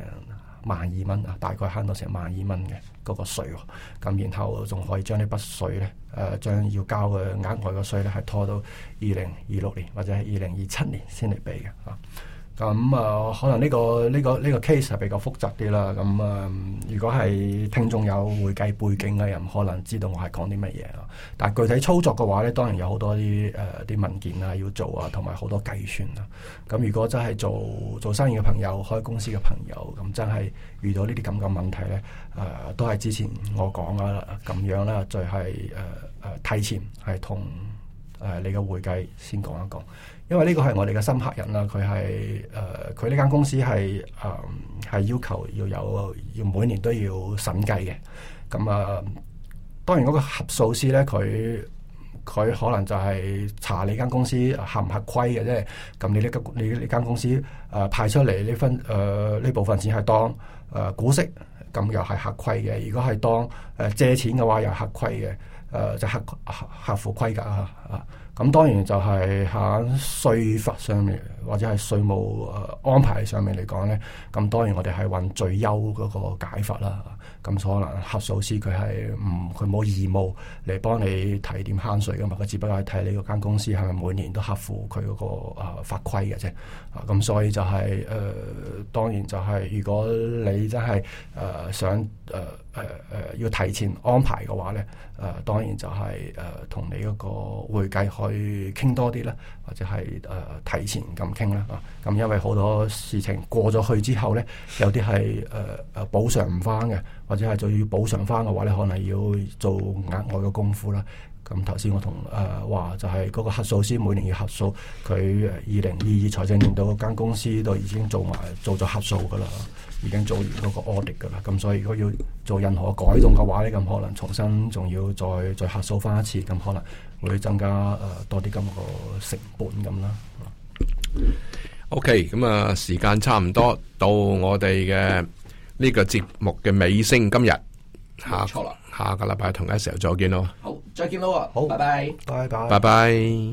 萬二蚊啊，大概慳到成萬二蚊嘅嗰個稅喎、啊。咁然後仲可以將呢筆稅咧，誒、呃、將要交嘅額外嘅稅咧，係拖到二零二六年或者係二零二七年先嚟俾嘅嚇。啊咁啊、嗯，可能呢、呢個呢、呢個呢、呢個 case 係比較複雜啲啦。咁、嗯、啊，如果係聽眾有會計背景嘅人，可能知道我係講啲乜嘢咯。但係具體操作嘅話咧，當然有好多啲誒啲文件啊要做啊，同埋好多計算啊。咁、嗯、如果真係做做生意嘅朋友、開公司嘅朋友，咁、嗯、真係遇到呢啲咁嘅問題咧，誒、呃、都係之前我講啊咁樣啦、就是，就係誒誒提前係同誒你嘅會計先講一講。因為呢個係我哋嘅新客人啦，佢係誒佢呢間公司係誒係要求要有要每年都要審計嘅。咁、嗯、啊、呃，當然嗰個核數師咧，佢佢可能就係查你間公司合唔合規嘅。啫。咁，你呢間你呢間公司誒、呃、派出嚟呢份誒呢部分錢係當誒、呃、股息，咁、嗯、又係合規嘅；如果係當誒、呃、借錢嘅話又，又係合規嘅。誒就合合合乎規格啊！啊！咁、嗯、當然就係喺稅法上面，或者係稅務、呃、安排上面嚟講咧，咁、嗯、當然我哋係揾最優嗰個解法啦。咁可能核數師佢係唔佢冇義務嚟幫你提點慳稅噶嘛？佢只不過係睇你嗰間公司係咪每年都合符佢嗰個啊、呃、法規嘅啫。啊，咁所以就係、是、誒、呃，當然就係如果你真係誒、呃、想誒誒誒要提前安排嘅話咧，誒、呃、當然就係誒同你嗰個會計去傾多啲啦，或者係誒、呃、提前咁傾啦。啊，咁因為好多事情過咗去之後咧，有啲係誒誒補償唔翻嘅。或者係就要補償翻嘅話咧，你可能要做額外嘅功夫啦。咁頭先我同誒話、呃、就係、是、嗰個核數師每年要核數，佢誒二零二二財政年度嗰間公司都已經做埋做咗核數噶啦，已經做完嗰個 audit 噶啦。咁所以如果要做任何改動嘅話咧，咁可能重新仲要再再核數翻一次，咁可能會增加誒、呃、多啲咁個成本咁啦。嗯、OK，咁啊時間差唔多到我哋嘅。呢個節目嘅尾聲，今日下錯啦，下個禮拜同一時候再見咯。好，再見咯，好，拜拜，拜拜，拜拜。